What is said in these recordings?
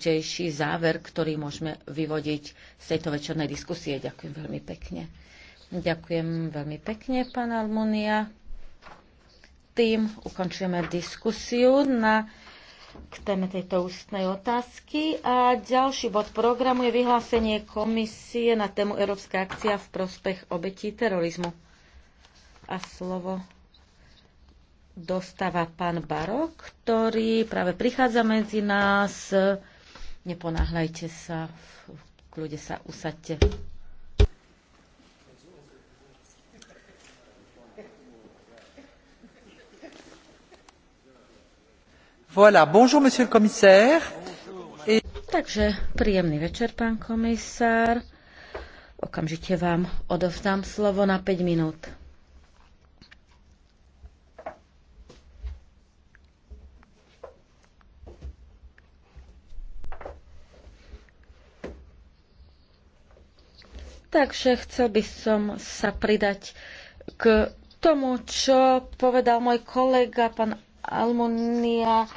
najdôležitejší záver, ktorý môžeme vyvodiť z tejto večernej diskusie. Ďakujem veľmi pekne. Ďakujem veľmi pekne, pán Almonia. Tým ukončujeme diskusiu na k téme tejto ústnej otázky. A ďalší bod programu je vyhlásenie komisie na tému Európska akcia v prospech obetí terorizmu. A slovo dostáva pán Barok, ktorý práve prichádza medzi nás. Neponáhľajte sa, v kľude sa usadte. Voilà, bonjour monsieur le commissaire. Et... Takže príjemný večer, pán komisár. Okamžite vám odovzdám slovo na 5 minút. Takže chcel by som sa pridať k tomu, čo povedal môj kolega, pán Almonia,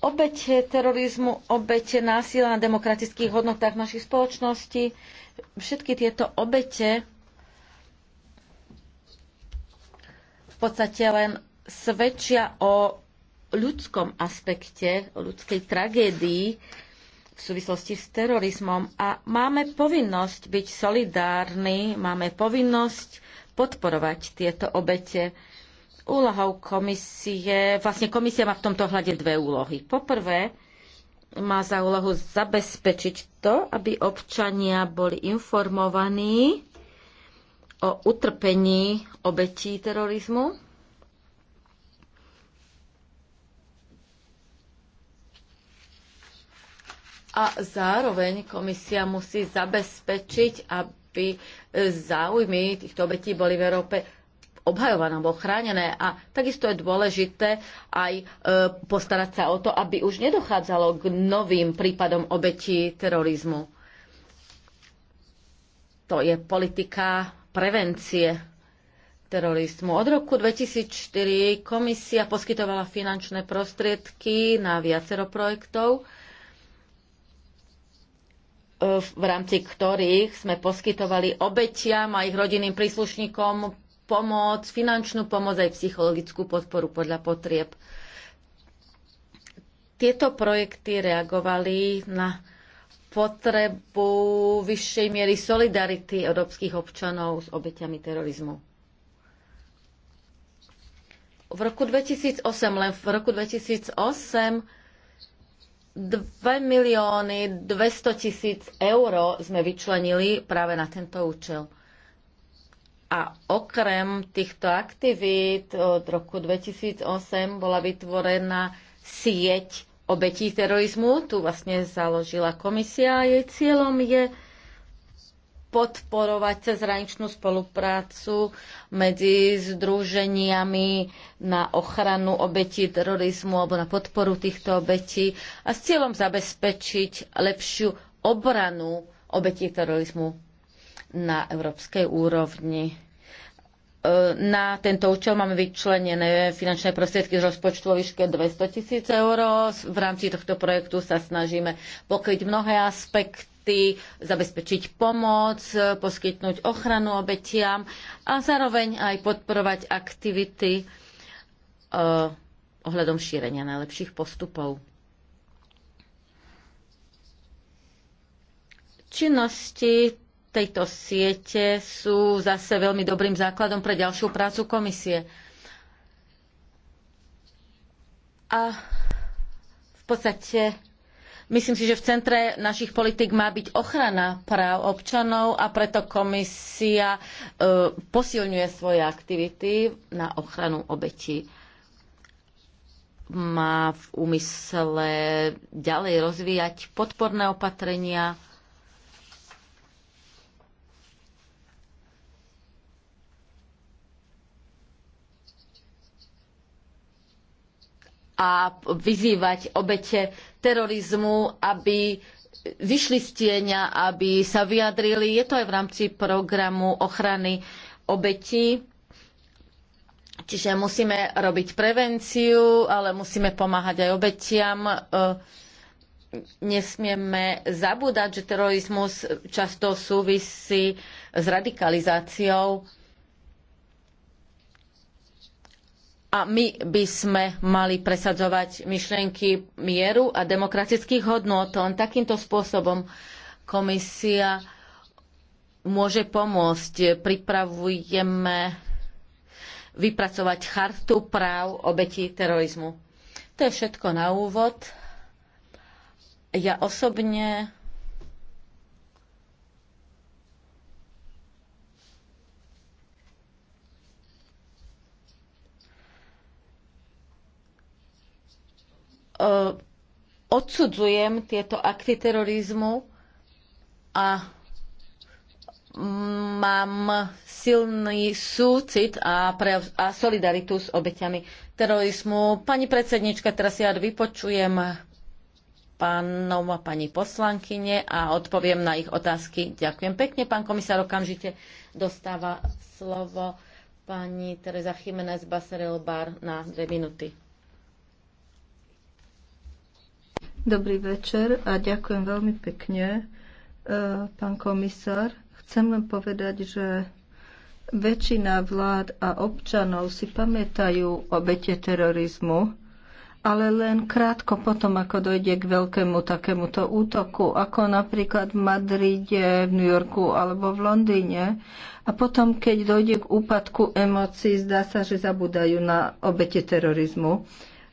obete terorizmu, obete násilia na demokratických hodnotách našich spoločnosti, všetky tieto obete v podstate len svedčia o ľudskom aspekte, o ľudskej tragédii, v súvislosti s terorizmom a máme povinnosť byť solidárni, máme povinnosť podporovať tieto obete. Úlohou komisie, vlastne komisia má v tomto hľade dve úlohy. Poprvé, má za úlohu zabezpečiť to, aby občania boli informovaní o utrpení obetí terorizmu a zároveň komisia musí zabezpečiť, aby záujmy týchto obetí boli v Európe obhajované alebo chránené. A takisto je dôležité aj e, postarať sa o to, aby už nedochádzalo k novým prípadom obetí terorizmu. To je politika prevencie terorizmu. Od roku 2004 komisia poskytovala finančné prostriedky na viacero projektov v rámci ktorých sme poskytovali obetiam a ich rodinným príslušníkom pomoc, finančnú pomoc aj psychologickú podporu podľa potrieb. Tieto projekty reagovali na potrebu vyššej miery solidarity európskych občanov s obeťami terorizmu. V roku 2008, len v roku 2008 2 milióny 200 tisíc eur sme vyčlenili práve na tento účel. A okrem týchto aktivít od roku 2008 bola vytvorená sieť obetí terorizmu. Tu vlastne založila komisia a jej cieľom je podporovať cezhraničnú spoluprácu medzi združeniami na ochranu obetí terorizmu alebo na podporu týchto obetí a s cieľom zabezpečiť lepšiu obranu obetí terorizmu na európskej úrovni. E, na tento účel máme vyčlenené finančné prostriedky z rozpočtu o výške 200 tisíc eur. V rámci tohto projektu sa snažíme pokryť mnohé aspekty kontakty, zabezpečiť pomoc, poskytnúť ochranu obetiam a zároveň aj podporovať aktivity e, ohľadom šírenia najlepších postupov. Činnosti tejto siete sú zase veľmi dobrým základom pre ďalšiu prácu komisie. A v podstate Myslím si, že v centre našich politik má byť ochrana práv občanov a preto komisia e, posilňuje svoje aktivity na ochranu obetí. Má v úmysle ďalej rozvíjať podporné opatrenia a vyzývať obete terorizmu, aby vyšli z tieňa, aby sa vyjadrili. Je to aj v rámci programu ochrany obetí. Čiže musíme robiť prevenciu, ale musíme pomáhať aj obetiam. E, nesmieme zabúdať, že terorizmus často súvisí s radikalizáciou a my by sme mali presadzovať myšlienky mieru a demokratických hodnôt. Len takýmto spôsobom komisia môže pomôcť. Pripravujeme vypracovať chartu práv obetí terorizmu. To je všetko na úvod. Ja osobne E, odsudzujem tieto akty terorizmu a mám silný súcit a, pre, a solidaritu s obeťami terorizmu. Pani predsednička, teraz ja vypočujem pánom a pani poslankyne a odpoviem na ich otázky. Ďakujem pekne. Pán komisár okamžite dostáva slovo pani Teresa Jiménez Baserel Bar na dve minúty. Dobrý večer a ďakujem veľmi pekne, e, pán komisár. Chcem len povedať, že väčšina vlád a občanov si pamätajú obete terorizmu, ale len krátko potom, ako dojde k veľkému takémuto útoku, ako napríklad v Madride, v New Yorku alebo v Londýne. A potom, keď dojde k úpadku emócií, zdá sa, že zabudajú na obete terorizmu.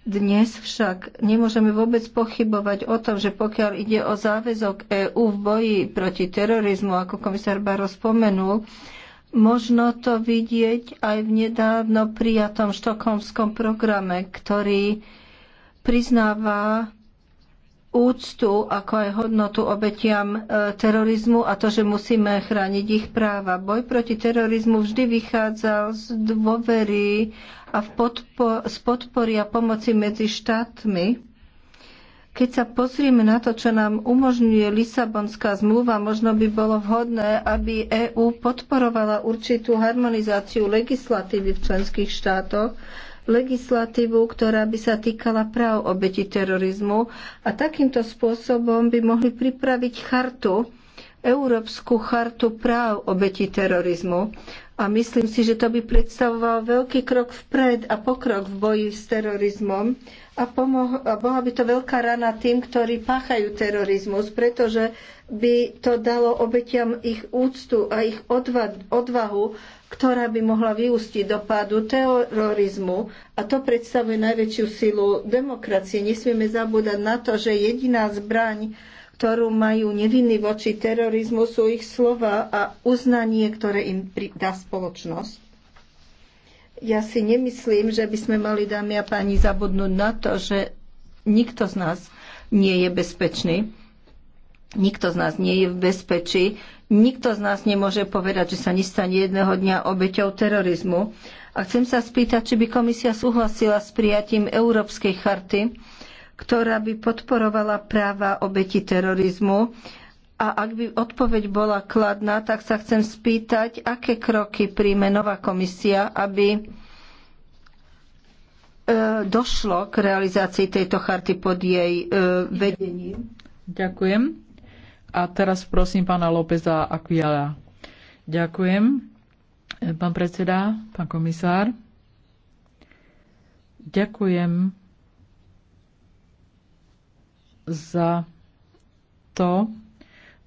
Dnes však nemôžeme vôbec pochybovať o tom, že pokiaľ ide o záväzok EÚ v boji proti terorizmu, ako komisár Baro spomenul, možno to vidieť aj v nedávno prijatom štokholmskom programe, ktorý priznáva úctu, ako aj hodnotu obetiam e, terorizmu a to, že musíme chrániť ich práva. Boj proti terorizmu vždy vychádzal z dôvery a v podpo- z podpory a pomoci medzi štátmi. Keď sa pozrieme na to, čo nám umožňuje Lisabonská zmluva, možno by bolo vhodné, aby EÚ podporovala určitú harmonizáciu legislatívy v členských štátoch, legislatívu, ktorá by sa týkala práv obeti terorizmu a takýmto spôsobom by mohli pripraviť chartu Európsku chartu práv obetí terorizmu a myslím si, že to by predstavoval veľký krok vpred a pokrok v boji s terorizmom a, pomoh- a bola by to veľká rana tým, ktorí páchajú terorizmus, pretože by to dalo obetiam ich úctu a ich odva- odvahu, ktorá by mohla vyústiť dopadu terorizmu a to predstavuje najväčšiu silu demokracie. Nesmieme zabúdať na to, že jediná zbraň, ktorú majú nevinní voči terorizmu, sú ich slova a uznanie, ktoré im dá spoločnosť. Ja si nemyslím, že by sme mali, dámy a páni, zabudnúť na to, že nikto z nás nie je bezpečný. Nikto z nás nie je v bezpečí. Nikto z nás nemôže povedať, že sa nestane jedného dňa obeťou terorizmu. A chcem sa spýtať, či by komisia súhlasila s prijatím Európskej charty ktorá by podporovala práva obeti terorizmu. A ak by odpoveď bola kladná, tak sa chcem spýtať, aké kroky príjme nová komisia, aby e, došlo k realizácii tejto charty pod jej e, vedením. Ďakujem. A teraz prosím pána Lópeza Aquiala. Ďakujem. E, pán predseda, pán komisár. Ďakujem za to,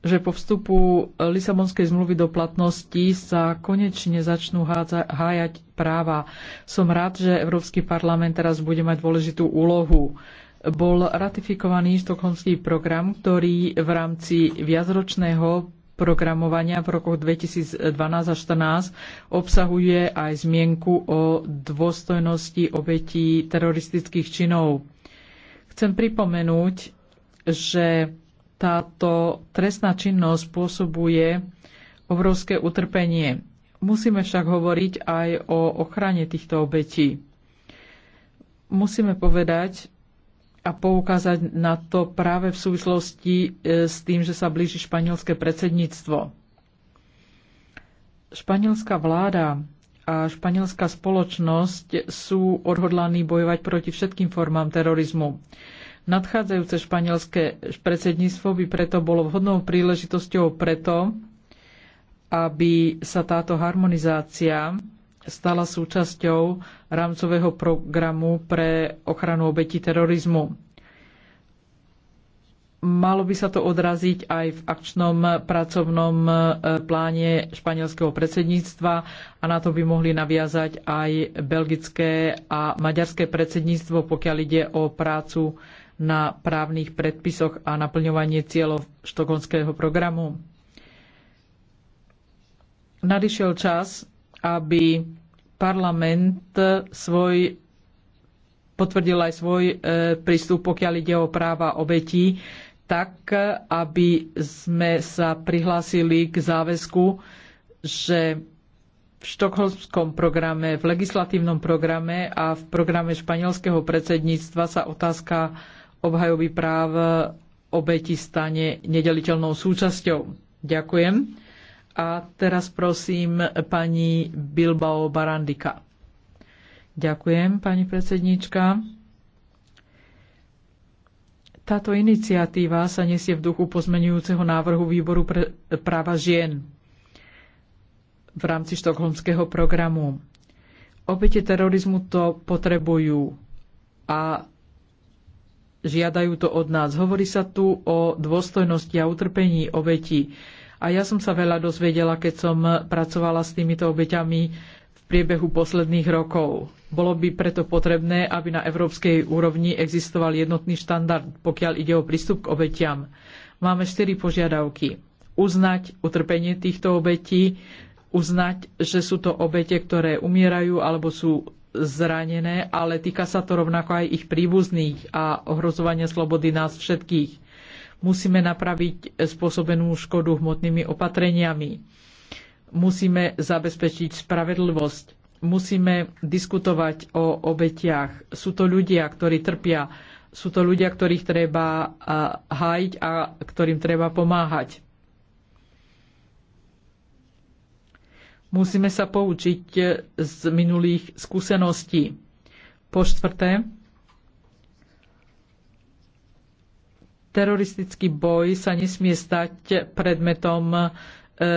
že po vstupu Lisabonskej zmluvy do platnosti sa konečne začnú hájať práva. Som rád, že Európsky parlament teraz bude mať dôležitú úlohu. Bol ratifikovaný štokholmský program, ktorý v rámci viacročného programovania v rokoch 2012 a 2014 obsahuje aj zmienku o dôstojnosti obetí teroristických činov. Chcem pripomenúť, že táto trestná činnosť spôsobuje obrovské utrpenie. Musíme však hovoriť aj o ochrane týchto obetí. Musíme povedať a poukázať na to práve v súvislosti e, s tým, že sa blíži španielské predsedníctvo. Španielská vláda a španielská spoločnosť sú odhodlaní bojovať proti všetkým formám terorizmu. Nadchádzajúce španielské predsedníctvo by preto bolo vhodnou príležitosťou preto, aby sa táto harmonizácia stala súčasťou rámcového programu pre ochranu obetí terorizmu. Malo by sa to odraziť aj v akčnom pracovnom e, pláne španielského predsedníctva a na to by mohli naviazať aj belgické a maďarské predsedníctvo, pokiaľ ide o prácu na právnych predpisoch a naplňovanie cieľov štokholmského programu. Nadišiel čas, aby parlament svoj potvrdil aj svoj e, prístup, pokiaľ ide o práva obetí, tak aby sme sa prihlásili k záväzku, že v štokholmskom programe, v legislatívnom programe a v programe španielského predsedníctva sa otázka obhajoby práv obeti stane nedeliteľnou súčasťou. Ďakujem. A teraz prosím pani Bilbao Barandika. Ďakujem, pani predsednička. Táto iniciatíva sa nesie v duchu pozmenujúceho návrhu Výboru pre práva žien v rámci štokholmského programu. Obete terorizmu to potrebujú a Žiadajú to od nás. Hovorí sa tu o dôstojnosti a utrpení obetí. A ja som sa veľa dozvedela, keď som pracovala s týmito obeťami v priebehu posledných rokov. Bolo by preto potrebné, aby na európskej úrovni existoval jednotný štandard, pokiaľ ide o prístup k obetiam. Máme štyri požiadavky. Uznať utrpenie týchto obetí, uznať, že sú to obete, ktoré umierajú alebo sú zranené, ale týka sa to rovnako aj ich príbuzných a ohrozovania slobody nás všetkých. Musíme napraviť spôsobenú škodu hmotnými opatreniami. Musíme zabezpečiť spravedlivosť. Musíme diskutovať o obetiach. Sú to ľudia, ktorí trpia. Sú to ľudia, ktorých treba hájiť a ktorým treba pomáhať Musíme sa poučiť e, z minulých skúseností. Po štvrté, teroristický boj sa nesmie stať predmetom e,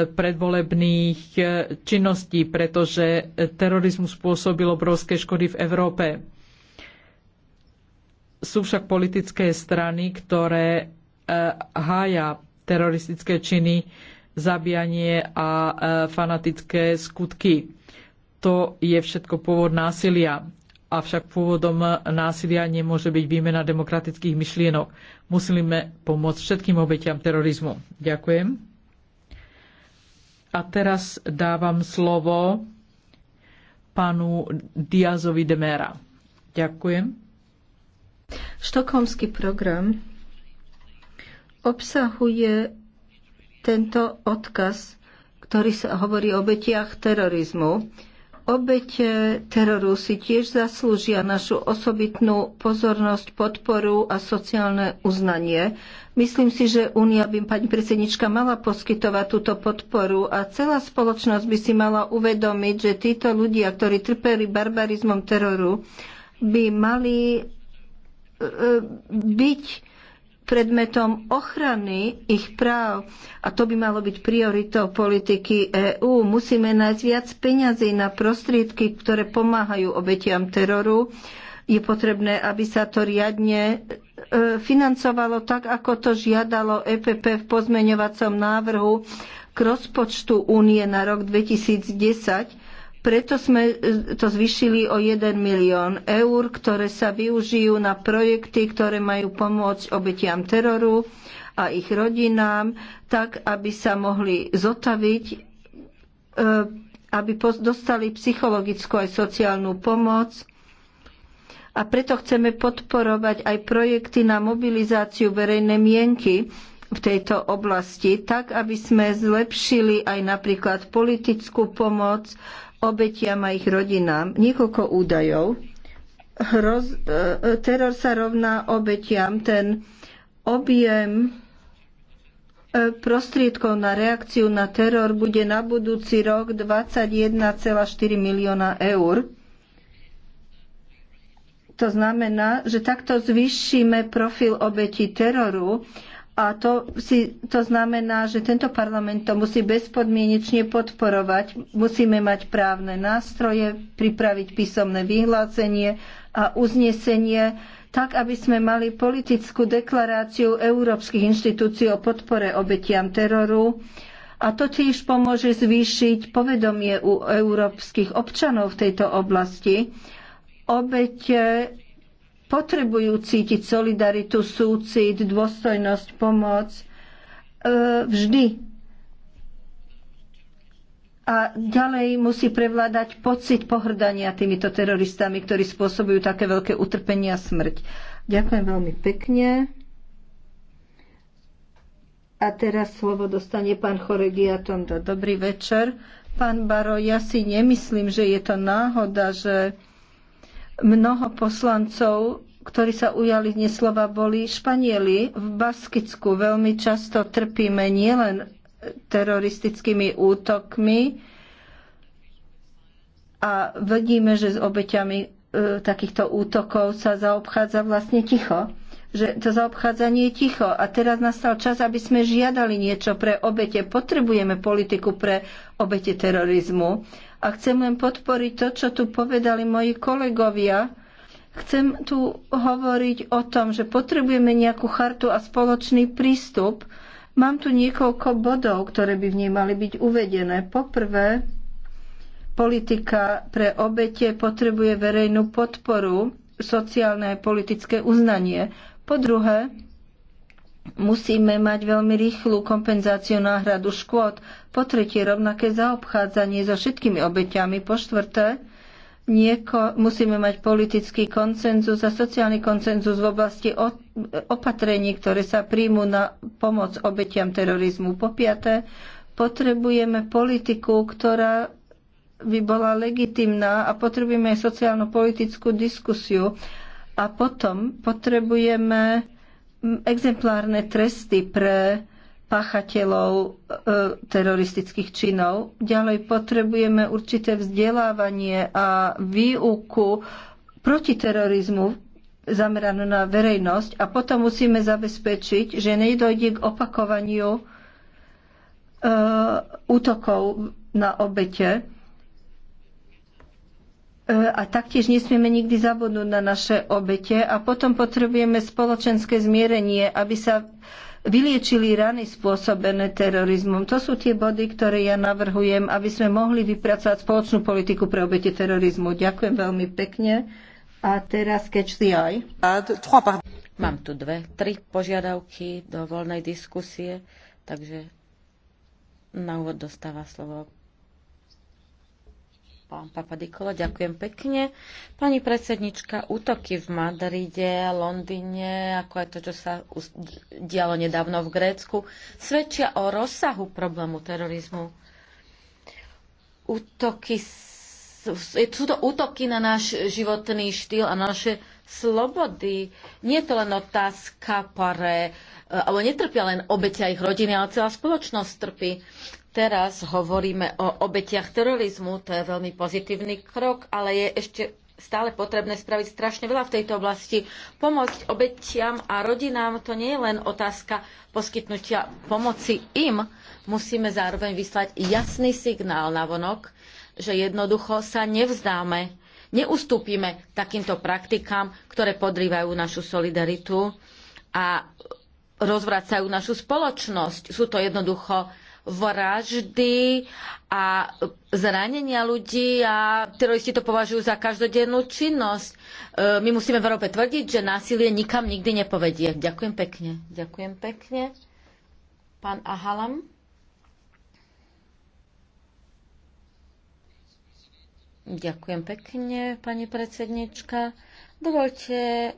predvolebných e, činností, pretože terorizmus spôsobil obrovské škody v Európe. Sú však politické strany, ktoré hája teroristické činy zabíjanie a e, fanatické skutky. To je všetko pôvod násilia. Avšak pôvodom násilia nemôže byť výmena demokratických myšlienok. Musíme pomôcť všetkým obetiam terorizmu. Ďakujem. A teraz dávam slovo panu Diazovi de Mera. Ďakujem. Štokholmský program obsahuje tento odkaz, ktorý sa hovorí o obetiach terorizmu. Obete teroru si tiež zaslúžia našu osobitnú pozornosť, podporu a sociálne uznanie. Myslím si, že Únia by pani predsednička mala poskytovať túto podporu a celá spoločnosť by si mala uvedomiť, že títo ľudia, ktorí trpeli barbarizmom teroru, by mali e, byť predmetom ochrany ich práv a to by malo byť prioritou politiky EÚ. Musíme nájsť viac peňazí na prostriedky, ktoré pomáhajú obetiam teroru. Je potrebné, aby sa to riadne e, financovalo tak, ako to žiadalo EPP v pozmeňovacom návrhu k rozpočtu únie na rok 2010 preto sme e, to zvyšili o 1 milión eur, ktoré sa využijú na projekty, ktoré majú pomôcť obetiam teroru a ich rodinám, tak aby sa mohli zotaviť, e, aby dostali psychologickú aj sociálnu pomoc. A preto chceme podporovať aj projekty na mobilizáciu verejnej mienky, v tejto oblasti, tak aby sme zlepšili aj napríklad politickú pomoc obetiam a ich rodinám. Niekoľko údajov. Hroz, e, e, teror sa rovná obetiam. Ten objem e, prostriedkov na reakciu na teror bude na budúci rok 21,4 milióna eur. To znamená, že takto zvýšime profil obeti teroru a to, si, to znamená, že tento parlament to musí bezpodmienečne podporovať. Musíme mať právne nástroje, pripraviť písomné vyhlásenie a uznesenie, tak aby sme mali politickú deklaráciu európskych inštitúcií o podpore obetiam teroru. A to tiež pomôže zvýšiť povedomie u európskych občanov v tejto oblasti. Obete potrebujú cítiť solidaritu, súcit, dôstojnosť, pomoc e, vždy. A ďalej musí prevládať pocit pohrdania týmito teroristami, ktorí spôsobujú také veľké utrpenie a smrť. Ďakujem veľmi pekne. A teraz slovo dostane pán Choregia Tondo. Dobrý večer. Pán Baro, ja si nemyslím, že je to náhoda, že Mnoho poslancov, ktorí sa ujali dnes slova, boli Španieli. V Baskicku veľmi často trpíme nielen teroristickými útokmi a vidíme, že s obeťami e, takýchto útokov sa zaobchádza vlastne ticho. Že to zaobchádzanie je ticho. A teraz nastal čas, aby sme žiadali niečo pre obete. Potrebujeme politiku pre obete terorizmu. A chcem len podporiť to, čo tu povedali moji kolegovia. Chcem tu hovoriť o tom, že potrebujeme nejakú chartu a spoločný prístup. Mám tu niekoľko bodov, ktoré by v nej mali byť uvedené. Poprvé, politika pre obete potrebuje verejnú podporu, sociálne a politické uznanie. Po druhé, Musíme mať veľmi rýchlu kompenzáciu náhradu škôd. Po tretie, rovnaké zaobchádzanie so všetkými obeťami. Po štvrté, nieko, musíme mať politický koncenzus a sociálny koncenzus v oblasti opatrení, ktoré sa príjmu na pomoc obetiam terorizmu. Po piaté, potrebujeme politiku, ktorá by bola legitimná a potrebujeme aj sociálno-politickú diskusiu. A potom potrebujeme exemplárne tresty pre páchateľov e, teroristických činov. Ďalej potrebujeme určité vzdelávanie a výuku proti terorizmu zameranú na verejnosť a potom musíme zabezpečiť, že nedojde k opakovaniu e, útokov na obete E, a taktiež nesmieme nikdy zabudnúť na naše obete a potom potrebujeme spoločenské zmierenie, aby sa vyliečili rany spôsobené terorizmom. To sú tie body, ktoré ja navrhujem, aby sme mohli vypracovať spoločnú politiku pre obete terorizmu. Ďakujem veľmi pekne. A teraz catch the eye. Mám tu dve, tri požiadavky do voľnej diskusie, takže na úvod dostáva slovo Pán papadikola, ďakujem pekne. Pani predsednička, útoky v Madride, Londýne, ako aj to, čo sa dialo nedávno v Grécku, svedčia o rozsahu problému terorizmu. Útoky, sú to útoky na náš životný štýl a na naše slobody. Nie je to len otázka pare, e, alebo netrpia len obeťa ich rodiny, ale celá spoločnosť trpí teraz hovoríme o obetiach terorizmu, to je veľmi pozitívny krok, ale je ešte stále potrebné spraviť strašne veľa v tejto oblasti. Pomôcť obetiam a rodinám to nie je len otázka poskytnutia pomoci im, musíme zároveň vyslať jasný signál na vonok, že jednoducho sa nevzdáme, neustúpime takýmto praktikám, ktoré podrývajú našu solidaritu a rozvracajú našu spoločnosť. Sú to jednoducho vraždy a zranenia ľudí a teroristi to považujú za každodennú činnosť. E, my musíme v Európe tvrdiť, že násilie nikam nikdy nepovedie. Ďakujem pekne. Ďakujem pekne. Pán Ahalam. Ďakujem pekne, pani predsednička. Dovolte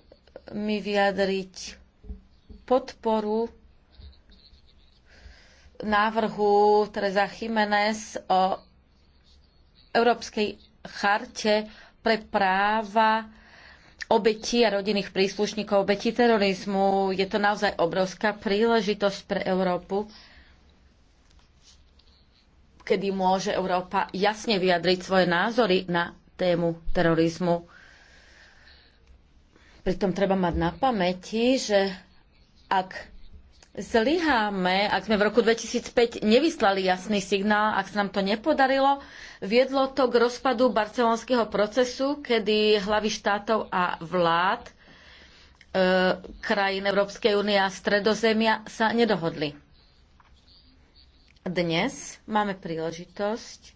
mi vyjadriť podporu návrhu Teresa Jiménez o Európskej charte pre práva obetí a rodinných príslušníkov obetí terorizmu. Je to naozaj obrovská príležitosť pre Európu, kedy môže Európa jasne vyjadriť svoje názory na tému terorizmu. Pritom treba mať na pamäti, že ak zlyháme, ak sme v roku 2005 nevyslali jasný signál, ak sa nám to nepodarilo, viedlo to k rozpadu barcelonského procesu, kedy hlavy štátov a vlád e, krajín Európskej únie a Stredozemia sa nedohodli. Dnes máme príležitosť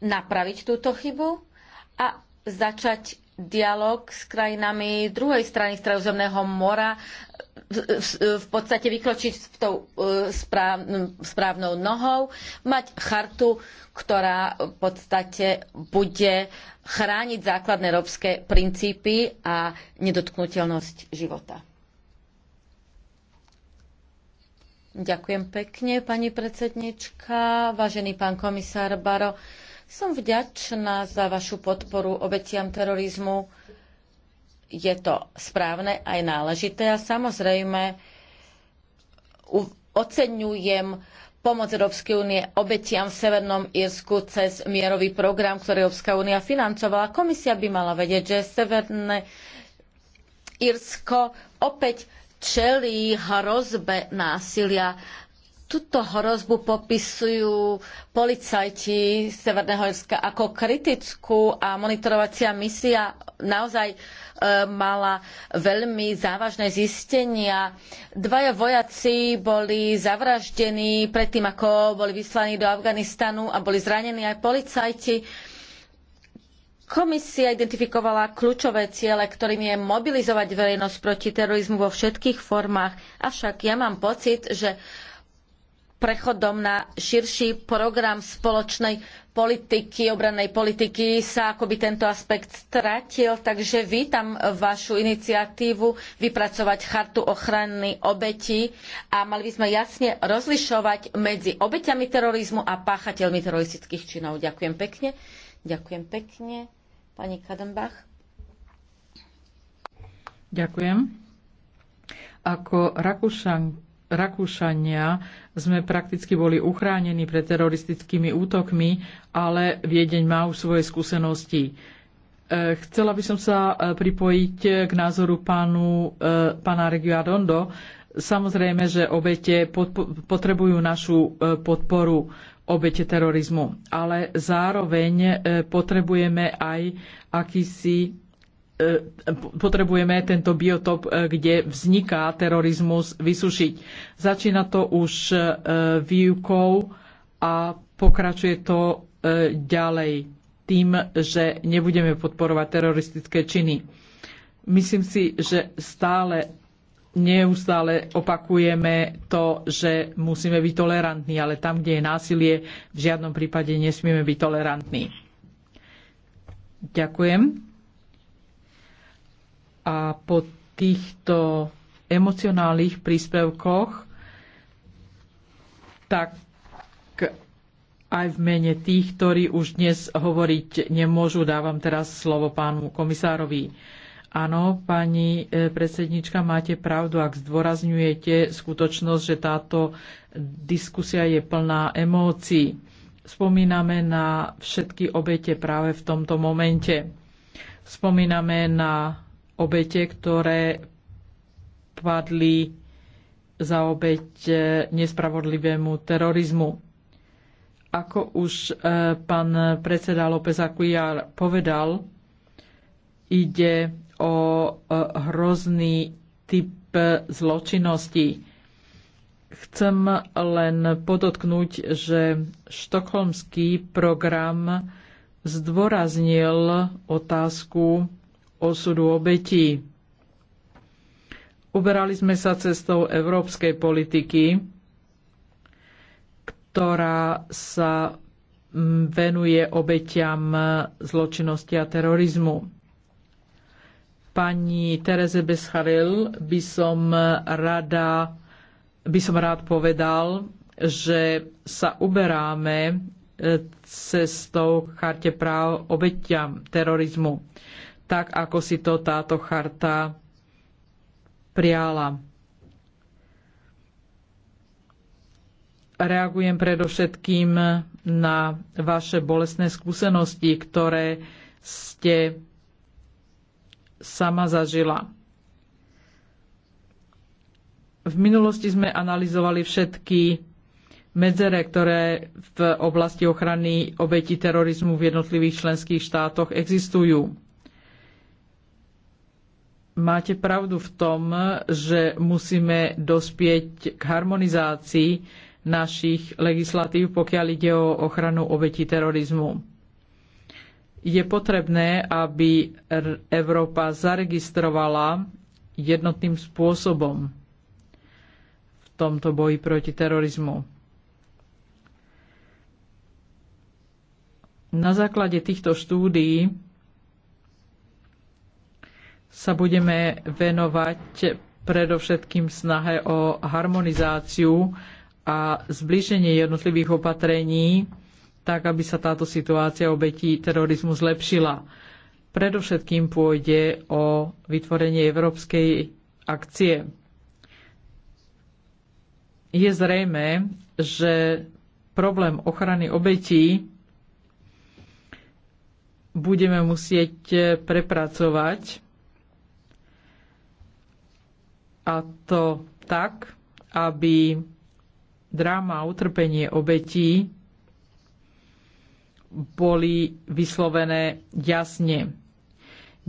napraviť túto chybu a začať dialog s krajinami druhej strany Stredozemného mora v podstate vykročiť s tou e, správnou nohou, mať chartu, ktorá v podstate bude chrániť základné európske princípy a nedotknutelnosť života. Ďakujem pekne, pani predsednička, vážený pán komisár Baro. Som vďačná za vašu podporu obetiam terorizmu je to správne aj náležité a samozrejme oceňujem pomoc Európskej únie obetiam v Severnom Írsku cez mierový program, ktorý Európska únia financovala. Komisia by mala vedieť, že Severné Írsko opäť čelí hrozbe násilia Tuto hrozbu popisujú policajti Severného Irska ako kritickú a monitorovacia misia naozaj e, mala veľmi závažné zistenia. Dvaja vojaci boli zavraždení predtým, ako boli vyslaní do Afganistanu a boli zranení aj policajti. Komisia identifikovala kľúčové ciele, ktorým je mobilizovať verejnosť proti terorizmu vo všetkých formách. Avšak ja mám pocit, že prechodom na širší program spoločnej politiky, obrannej politiky sa akoby tento aspekt stratil, takže vítam vašu iniciatívu vypracovať chartu ochrany obetí a mali by sme jasne rozlišovať medzi obeťami terorizmu a páchateľmi teroristických činov. Ďakujem pekne. Ďakujem pekne. Pani Kadenbach. Ďakujem. Ako Rakúšanka Rakúšania sme prakticky boli uchránení pred teroristickými útokmi, ale Viedeň má už svoje skúsenosti. E, chcela by som sa e, pripojiť e, k názoru pánu, pána Regiadondo. Samozrejme, že obete potrebujú našu podporu obete terorizmu, ale zároveň potrebujeme aj akýsi E, potrebujeme tento biotop, e, kde vzniká terorizmus, vysušiť. Začína to už e, výukou a pokračuje to ďalej tým, že nebudeme podporovať teroristické činy. Myslím si, že stále neustále opakujeme to, že musíme byť tolerantní, ale tam, kde je násilie, v žiadnom prípade nesmieme byť tolerantní. Ďakujem. A po týchto emocionálnych príspevkoch, tak aj v mene tých, ktorí už dnes hovoriť nemôžu, dávam teraz slovo pánu komisárovi. Áno, pani e, predsednička, máte pravdu, ak zdôrazňujete skutočnosť, že táto diskusia je plná emócií. Spomíname na všetky obete práve v tomto momente. Spomíname na obete, ktoré padli za obeť nespravodlivému terorizmu. Ako už e, pán predseda López Acuiar povedal, ide o e, hrozný typ zločinnosti. Chcem len podotknúť, že štokholmský program zdôraznil otázku osudu obetí. Uberali sme sa cestou európskej politiky, ktorá sa venuje obetiam zločinnosti a terorizmu. Pani Tereze Bescharil by som rada, by som rád povedal, že sa uberáme e, cestou charte práv obetiam terorizmu tak ako si to táto charta priala. Reagujem predovšetkým na vaše bolestné skúsenosti, ktoré ste sama zažila. V minulosti sme analyzovali všetky medzere, ktoré v oblasti ochrany obetí terorizmu v jednotlivých členských štátoch existujú Máte pravdu v tom, že musíme dospieť k harmonizácii našich legislatív, pokiaľ ide o ochranu obetí terorizmu. Je potrebné, aby Európa zaregistrovala jednotným spôsobom v tomto boji proti terorizmu. Na základe týchto štúdií sa budeme venovať predovšetkým snahe o harmonizáciu a zbliženie jednotlivých opatrení, tak aby sa táto situácia obetí terorizmu zlepšila. Predovšetkým pôjde o vytvorenie európskej akcie. Je zrejme, že problém ochrany obetí budeme musieť prepracovať a to tak, aby dráma a utrpenie obetí boli vyslovené jasne.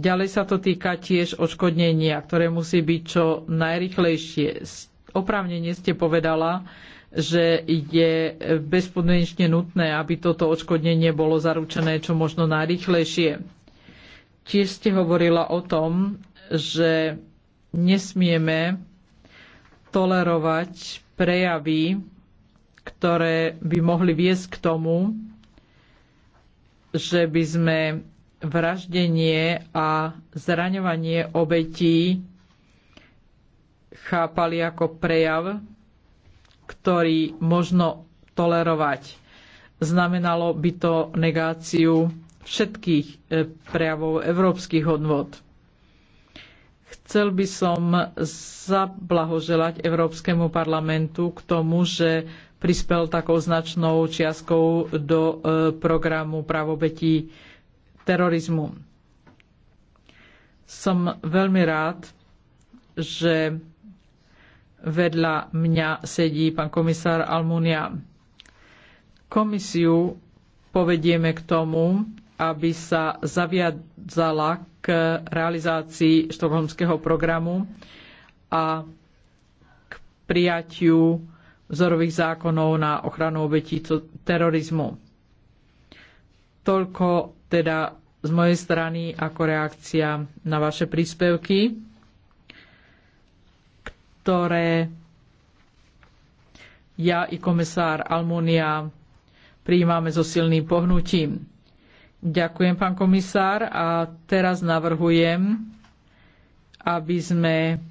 Ďalej sa to týka tiež odškodnenia, ktoré musí byť čo najrychlejšie. Oprávnenie ste povedala, že je bezpodmienečne nutné, aby toto odškodnenie bolo zaručené čo možno najrychlejšie. Tiež ste hovorila o tom, že nesmieme tolerovať prejavy, ktoré by mohli viesť k tomu, že by sme vraždenie a zraňovanie obetí chápali ako prejav, ktorý možno tolerovať. Znamenalo by to negáciu všetkých eh, prejavov európskych hodnot. Chcel by som zablahoželať Európskemu parlamentu k tomu, že prispel takou značnou čiaskou do e, programu pravobetí terorizmu. Som veľmi rád, že vedľa mňa sedí pán komisár Almunia. Komisiu povedieme k tomu, aby sa zaviadzala k realizácii štokholmského programu a k prijatiu vzorových zákonov na ochranu obetí terorizmu. Toľko teda z mojej strany ako reakcia na vaše príspevky, ktoré ja i komisár Almunia prijímame so silným pohnutím. Ďakujem, pán komisár. A teraz navrhujem, aby sme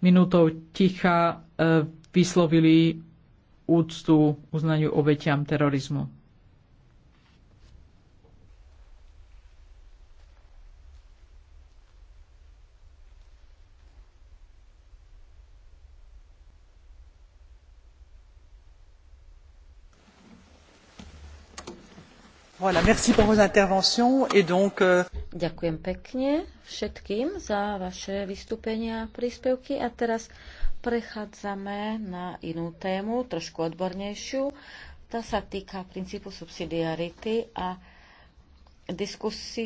minútou ticha e, vyslovili úctu uznaniu obetiam terorizmu. Voilà, merci pour vos interventions et donc... Euh, Ďakujem pekne všetkým za vaše vystúpenia a príspevky a teraz prechádzame na inú tému, trošku odbornejšiu. Tá sa týka princípu subsidiarity a diskusí